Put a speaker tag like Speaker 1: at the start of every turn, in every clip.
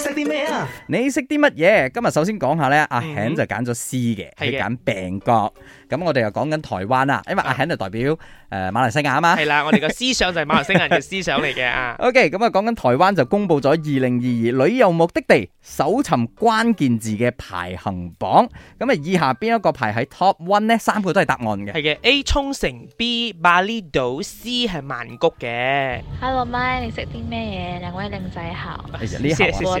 Speaker 1: 識啲咩啊？你識啲乜嘢？今日首先講下咧，阿肯就揀咗 C 嘅，佢揀病角。咁我哋又講緊台灣啦，因為阿肯就代表誒馬來西亞啊嘛。係啦，我哋個思想就係馬來西亞人嘅思想嚟嘅啊。O K，咁啊講緊台灣就公布咗二零二二旅遊目的地搜尋關鍵字嘅排行榜。咁啊以下邊一個排喺 Top One 咧，三個都係答案嘅。係嘅，A 沖繩，B 巴厘島，C 係曼谷嘅。Hello，媽，你識啲咩嘢？兩位靚仔好。呢下係我。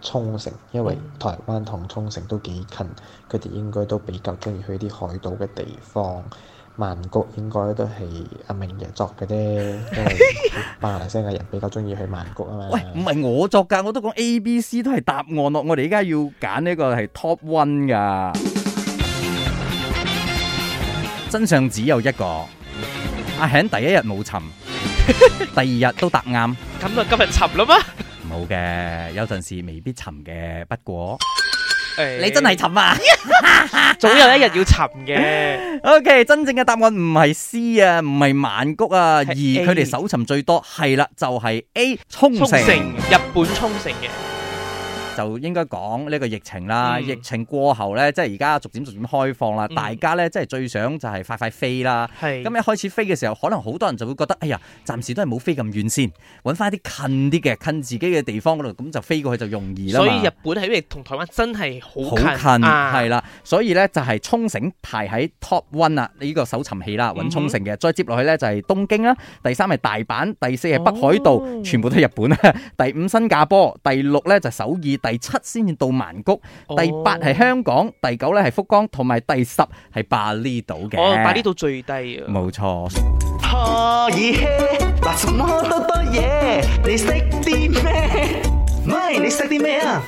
Speaker 1: 沖繩，因為台灣同沖繩都幾近，佢哋應該都比較中意去啲海島嘅地方。曼谷應該都係阿明爺作嘅啫，因為馬來西亞嘅人比較中意去曼谷啊嘛。 喂，唔係我作㗎，我都講 A、B、C 都係答案咯。我哋而家要揀呢個係 Top One 噶。真相只有一個，阿響 第一日冇沉， 第二日都答啱。咁就今日沉啦嘛。好嘅，有陣時未必沉嘅，不過 hey，你真係沉啊！總 有一日要沉嘅。OK，真正嘅答案唔係 C 啊，唔係曼谷啊，A 而佢哋搜尋最多係啦，就係、是、A 沖繩，日本沖繩嘅。就應該講呢個疫情啦，嗯、疫情過後呢，即係而家逐漸逐漸開放啦，嗯、大家呢，即係最想就係快快飛啦。咁是一開始飛嘅時候，可能好多人就會覺得，哎呀，暫時都係冇飛咁遠先，揾翻啲近啲嘅近自己嘅地方嗰度，咁就飛過去就容易啦。所以日本係因為同台灣真係好近，係啦近、啊，所以呢，就係沖繩排喺 top one 啊，呢個搜尋器啦，揾沖繩嘅，嗯、哼再接落去呢，就係東京啦，第三係大阪，第四係北海道，哦、全部都係日本啦，第五新加坡，第六呢，就、嗯、首爾。第七先至到曼谷，第八係香港，第九咧係福岡，同埋第十係巴厘島嘅。哦，巴厘島最低錯啊！冇錯。可以咩？什麼都多嘢？你識啲咩？咪你識啲咩啊？